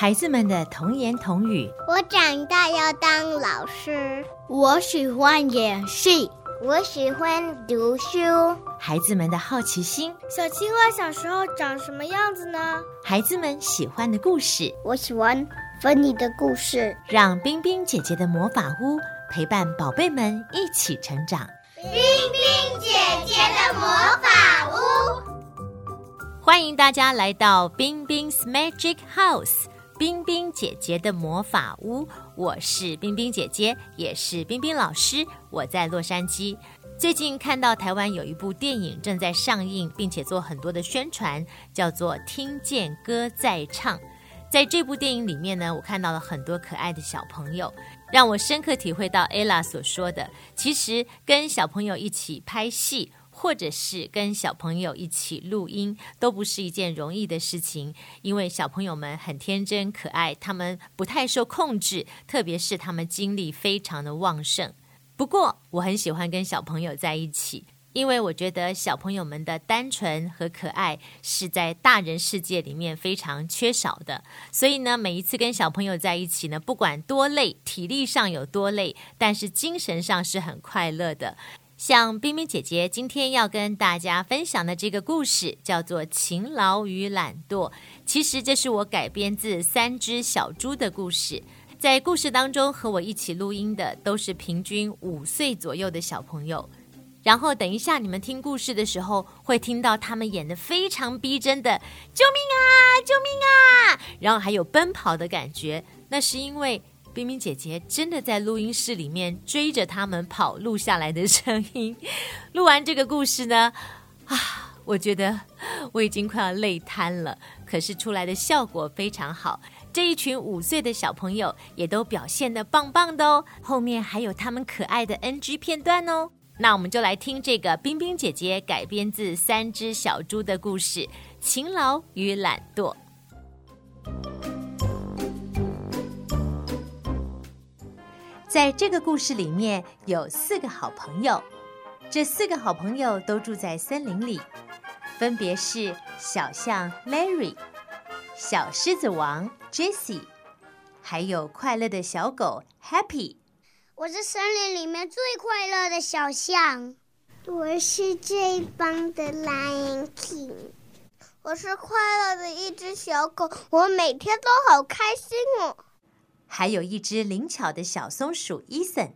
孩子們的童言童語：我長大要當老師，我喜歡演戲，我喜歡讀書。孩子們的好奇心：小青蛙小時候長什麼樣子呢？孩子們喜歡的故事：我喜歡分你的故事。讓冰冰姐姐的魔法屋陪伴寶貝們一起成長。冰冰姐姐的魔法屋，歡迎大家來到冰冰 's Magic House。冰冰姐姐的魔法屋，我是冰冰姐姐，也是冰冰老師。我在洛杉磯，最近看到台灣有一部電影正在上映，並且做很多的宣傳，叫做《聽見歌在唱》。在這部電影裡面呢，我看到了很多可愛的小朋友，讓我深刻體會到 Ella 所說的，其實跟小朋友一起拍戲。或者是跟小朋友一起錄音，都不是一件容易的事情，因為小朋友們很天真可愛，他們不太受控制，特別是他們精力非常的旺盛。不過，我很喜歡跟小朋友在一起，因為我覺得小朋友們的單純和可愛是在大人世界裡面非常缺少的。所以呢，每一次跟小朋友在一起呢，不管多累，體力上有多累，但是精神上是很快樂的。像冰冰姐姐今天要跟大家分享的這個故事叫做《勤勞與懶惰》，其實這是我改編自《三隻小豬》的故事。在故事當中，和我一起錄音的都是平均五歲左右的小朋友。然後等一下你們聽故事的時候，會聽到他們演得非常逼真的“救命啊，救命啊”，然後還有奔跑的感覺。那是因為，冰冰姐姐真的在錄音室裡面追着他們跑錄下來的聲音，錄完這個故事呢，啊，我覺得我已經快要累癱了。可是出來的效果非常好，這一群五歲的小朋友也都表現得棒棒的哦。後面還有他們可愛的 NG 片段哦。那我們就來聽這個冰冰姐姐改編自《三只小豬》的故事，《勤勞與懶惰》。在這個故事裡面，有四個好朋友，這四個好朋友都住在森林裡，分別是小象 Larry、小獅子王 Jessie，還有快樂的小狗 Happy。我是森林裡面最快樂的小象。我是最棒的 Lion King。我是快樂的一隻小狗，我每天都好開心哦。還有一隻靈巧的小松鼠伊森，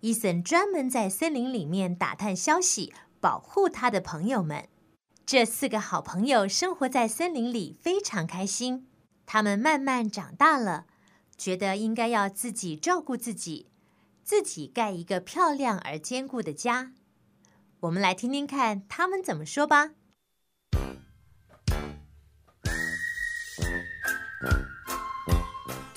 伊森專門在森林裡面打探消息，保護他的朋友們。這四個好朋友生活在森林裡，非常開心。他們慢慢長大了，覺得應該要自己照顧自己，自己蓋一個漂亮而堅固的家。我們來聽聽看他們怎麼說吧。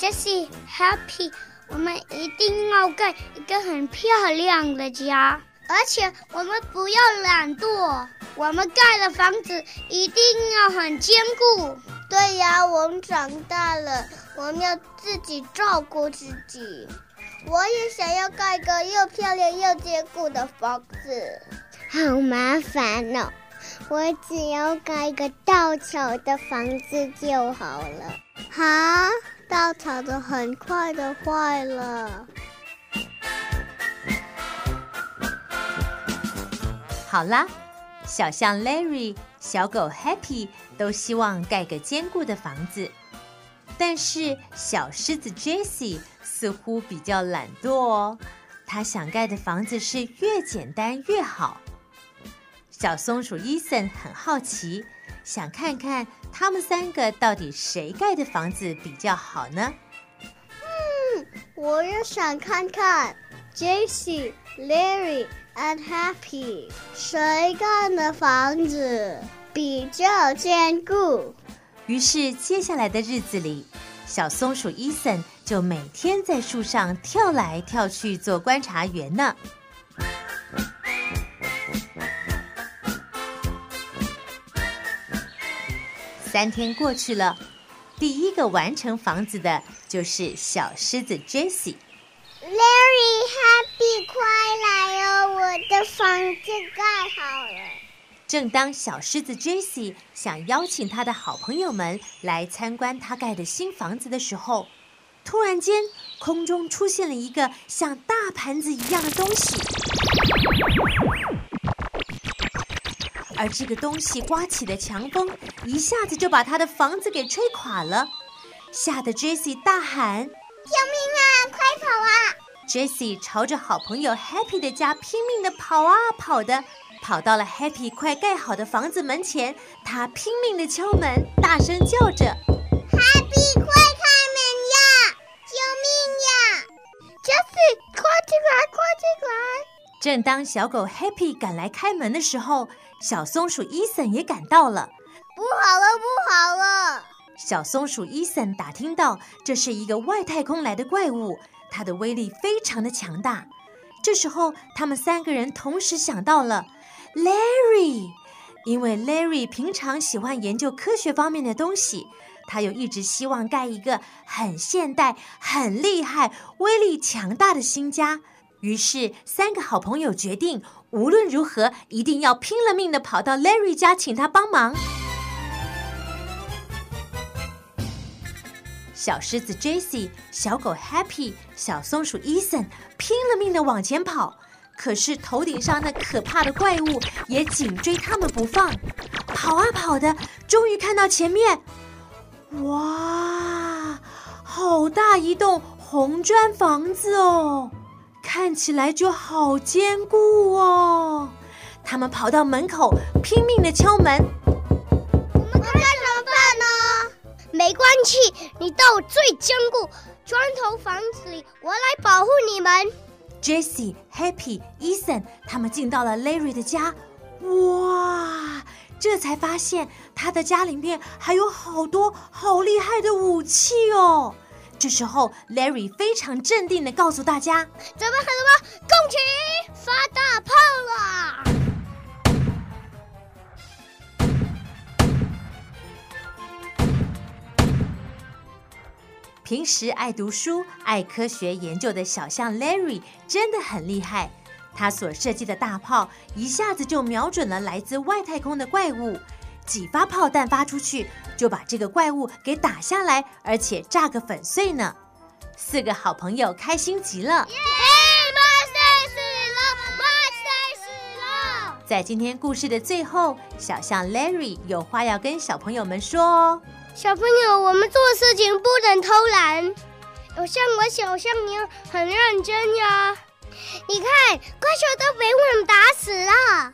這是 Happy，我們一定要蓋一個很漂亮的家，而且我們不要懶惰，我們蓋的房子一定要很堅固。對呀，我們長大了，我們要自己照顧自己。我也想要蓋一個又漂亮又堅固的房子，好麻煩哦，我只要蓋一個稻草的房子就好了。好。稻草的很快的壞了。好啦，小象 Larry、小狗 Happy 都希望蓋個堅固的房子，但是小獅子 Jessie 似乎比較懶惰哦，他想蓋的房子是越簡單越好。小松鼠 Eason 很好奇，想看看。他們三個到底誰蓋的房子比較好呢？嗯，我也想看看。Jesse、Larry and Happy 誰蓋的房子比較堅固。於是，接下來的日子裡，小松鼠伊森就每天在樹上跳來跳去做觀察員呢。三天過去了，第一個完成房子的就是小獅子 Jessie。Very happy，快來哦，我的房子蓋好了。正當小獅子 Jessie 想邀請他的好朋友們來參觀他蓋的新房子的時候，突然間空中出現了一個像大盤子一樣的東西。而這個東西刮起的強風，一下子就把他的房子給吹垮了，嚇得 Jesse 大喊：“救命啊！快跑啊！”Jesse 朝着好朋友 Happy 的家拼命的跑啊跑的，跑到了 Happy 快蓋好的房子門前，他拼命的敲門，大聲叫着：“Happy 快！”正當小狗 Happy 趕來開門的時候，小松鼠伊森也趕到了。不好了，不好了！小松鼠伊森打聽到，這是一個外太空來的怪物，它的威力非常的強大。這時候，他們三個人同時想到了 Larry，因為 Larry 平常喜歡研究科學方面的東西，他又一直希望蓋一個很現代、很厲害、威力強大的新家。於是，三個好朋友決定，無論如何一定要拼了命的跑到 Larry 家請他幫忙。小獅子 Jessie、小狗 Happy、小松鼠 Ethan 拼了命的往前跑，可是頭頂上那可怕的怪物也緊追他們不放。跑啊跑的，終於看到前面，哇，好大一棟紅磚房子哦！看起來就好堅固哦！他們跑到門口，拼命地敲門。我們該怎麼辦呢？沒關係，你到我最堅固磚頭房子裡，我來保護你們。Jesse、Happy、Eason，他們進到了 Larry 的家。哇，這才發現他的家裡面還有好多好厲害的武器哦！這時候，Larry 非常鎮定的告訴大家：“準備好了嗎？攻擊，發大炮了！”平時愛讀書、愛科學研究的小象 Larry 真的很厲害，他所設計的大炮一下子就瞄準了來自外太空的怪物。幾發炮彈發出去，就把這個怪物給打下來，而且炸個粉碎呢！四個好朋友開心極了。耶，媽塞死了，媽塞死了。在今天故事的最後，小象 Larry 有話要跟小朋友們說哦。小朋友，我們做事情不能偷懶，我像我小象一樣很認真呀。你看，怪獸都被我們打死了。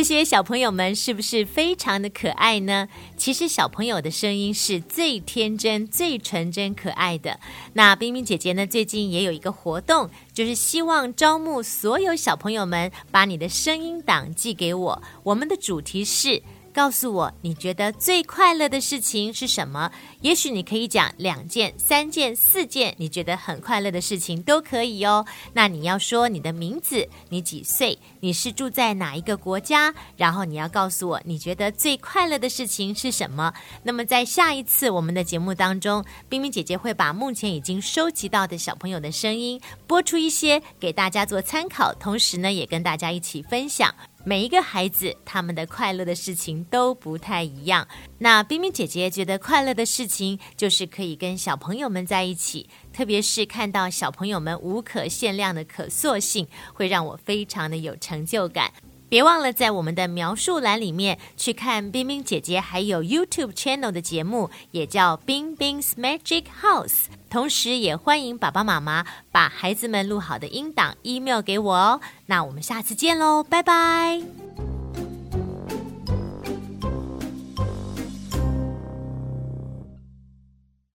這些小朋友們是不是非常的可愛呢？其實小朋友的聲音是最天真、最純真、可愛的。那冰冰姐姐呢？最近也有一個活動，就是希望招募所有小朋友們，把你的聲音檔寄給我。我們的主題是。告訴我，你覺得最快樂的事情是什麼？也許你可以講兩件、三件、四件，你覺得很快樂的事情都可以哦。那你要說你的名字，你幾歲，你是住在哪一個國家，然後你要告訴我你覺得最快樂的事情是什麼。那麼在下一次我們的節目當中，冰冰姐姐會把目前已經收集到的小朋友的聲音播出一些給大家做參考，同時呢，也跟大家一起分享。每一個孩子，他們的快樂的事情都不太一樣。那冰冰姐姐覺得快樂的事情，就是可以跟小朋友們在一起，特別是看到小朋友們無可限量的可塑性，會讓我非常的有成就感。別忘了在我們的描述欄裡面去看冰冰姐姐還有 YouTube channel 的節目，也叫《Bing Bing's Magic House》。同時也歡迎爸爸媽媽把孩子們錄好的音檔 email 給我哦。那我們下次見嘍，拜拜。